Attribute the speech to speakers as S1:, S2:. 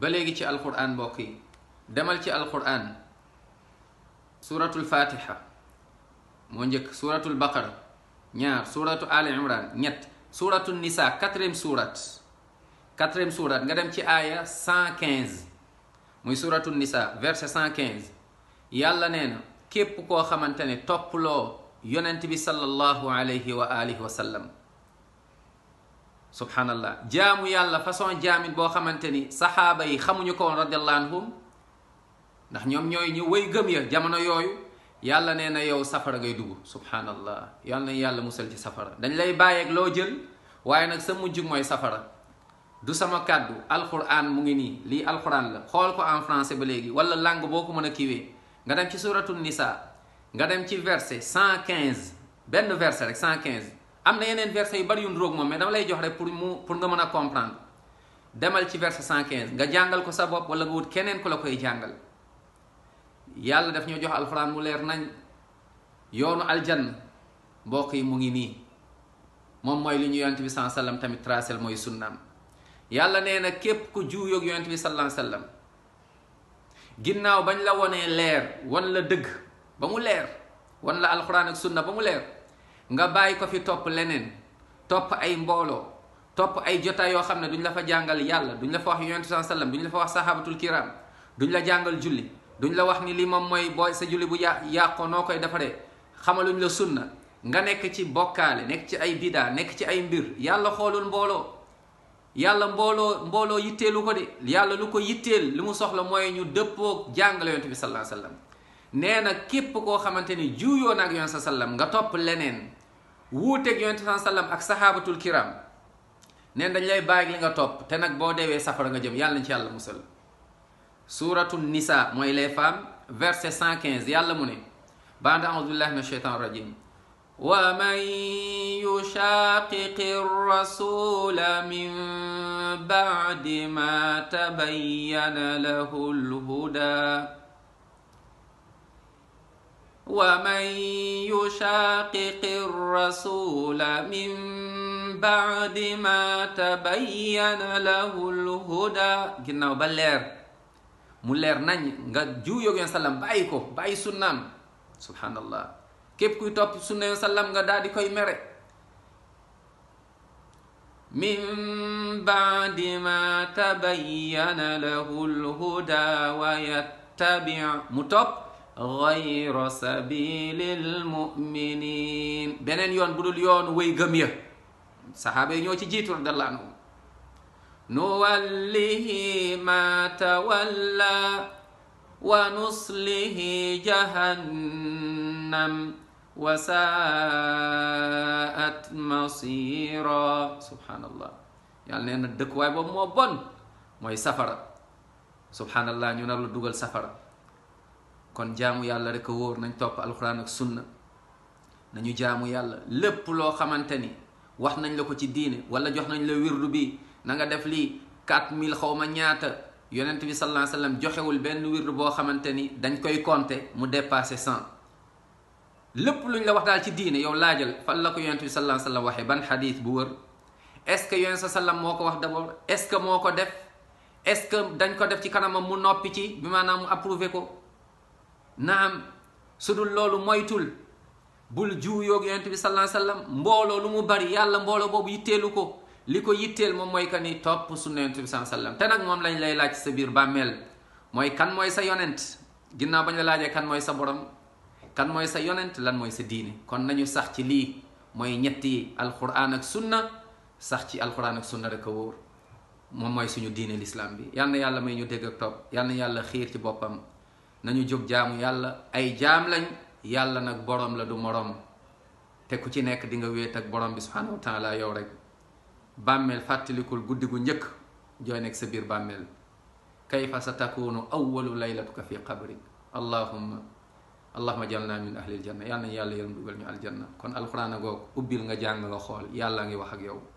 S1: ba léegi ci alquran mbokk yi demal ci alquran suratul fatiha moo njëkk suratul baqara ñaar suratu ali imran ñett suratu nisa quatrième surat quatrième surat nga dem ci aaya 115 muy suratu nisa verset yàlla nee na képp koo xamante ne topploo yonent bi sallallahu alayhi wa alihi subhanallah jaamu yàlla façon jaamit boo xamante ni saxaaba yi xamuñu ko woon radiallahu anhum ndax ñoom ñooy ñu way gëm ya jamono yooyu yàlla nee na yow safara ngay dugg subhanallah yal na yàlla musal ci safara dañ lay bàyyeeg loo jël waaye nag sa mujj mooy safara du sama kàddu alquran mu ngi nii lii alquran la xool ko en français ba léegi wala langue boo ko mën a kiiwee nga dem ci suratu nisa nga dem ci verset 115 benn verset rek 115 am na yeneen versets yu bari yu roog moom mais dama lay jox rek pour mu pour nga mën a comprendre demal ci verset 115 nga jàngal ko sa bopp wala nga wut keneen ku la koy jàngal yàlla def ñoo jox alxuraan mu leer nañ yoonu aljan mbokk yi mu ngi nii moom mooy li ñu yonent bi sallallahu alayhi tamit tracel mooy sunnaam yàlla nee na képp ku juuyoog yonent bi sallallahu alayhi wasallam ginnaaw bañ la wonee leer wan la dëgg ba mu leer wan la alxuraan ak sunna ba mu leer nga bàyyi ko fi topp leneen topp ay mbooloo topp ay jotaay yoo xam ne duñ la fa jàngal yàlla duñ la fa wax yonent saa sallam duñ la fa wax sahabatul kiram duñ la jàngal julli duñ la wax ni li moom mooy booy sa julli bu yà yàqoo noo koy defaree xamaluñ la sunna nga nekk ci bokkaale nekk ci ay bidaa nekk ci ay mbir yàlla xoolul mbooloo yàlla mbooloo mbooloo yitteelu ko yàlla lu ko yitteel li mu soxla mooy ñu dëppoo jàngale yonent bi nee na képp koo xamante ni juuyoo nag yonent sa sallam nga topp leneen wuuteeg yonent bi sallam ak saxaabatul kiram neen dañ lay bàyyi li nga topp te nag boo deewee safara nga jëm yàlla na ci yàlla musal suuratu nisa mooy les femmes verset 115 yàlla mu ne baada audu billahi min asheytan rajim wa man yushaqiqi rasula min baadi ma tabayyana lahu lhuda ومن يشاقق الرسول من بعد ما تبين له الهدى ginnaaw ba leer mu leer nañ nga jiw yoog yoon sallam bàyyi ko bàyyi sunnaam subhaanallah képp kuy topp sunna yoon sallam nga daal di koy mere min baadi ma tabayyana lahu lhuda wa yattabi mu top gayra sabilil muminin beneen yoon bu dul yoon way gëm ya saxaaba yi ñoo ci jiitu radiyallahu anhum nuwallihi ma tawalla wa nuslihi jahannam wa saat masira subhanallah yàlla nee na dëkkuwaay boobu moo bon mooy safara subhanallah ñu nar la dugal safara kon jaamu yàlla rek a wóor nañ topp alxuraan ak sunna nañu jaamu yàlla lépp loo xamante ni wax nañ la ko ci diine wala jox nañ la wirdu bi na nga def lii 4000 mille ma ñaata yonent bi sallallahu alayhi wasallam joxewul benn wirdu boo xamante ni dañ koy compter mu dépassé 100 lépp luñ la wax daal ci diine yow laajal fan la ko yonent bi sallallahu alayhi waxee ban xadiis bu wër est-ce que yonent sallam moo ko wax d'abord est-ce que moo ko def est-ce dañ ko def ci kanamam mu noppi ci bi maanaam mu approuvé ko. naam su dul loolu moytul bul juuyoog yonent bi sallallahu alayhi wasallam mbooloo lu mu bari yàlla mbooloo boobu yitteelu ko li ko yitteel moom mooy que ni topp sunna yonent bi sallallahu alayhi wasallam lay laaj sa biir bàmmeel mooy kan mooy sa yonent ginnaaw bañ la laajee kan mooy sa borom kan mooy sa yonent lan mooy sa diine kon nañu sax ci lii mooy ñetti alquran ak sunna sax ci alquran ak sunna rek a wóor moom mooy suñu diine lislaam bi yal yàlla may ñu dégg ak topp yal yàlla xiir ci boppam nañu jóg jaamu yàlla ay jaam lañ yàlla nag boroom la du morom te ku ci nekk di nga wéet ak borom bi subhanahu yow rek bàmmeel fàttalikul guddi gu njëkk jooy nekk sa biir bàmmeel kayfa sa takunu awalu ko fi qabrik allahumma allahumma jalna min ahlil janna yàlla nañ yàlla yërëm dugal ñu aljanna kon alquran a goog ubbil nga jàng nga xool yàlla ngi wax ak yow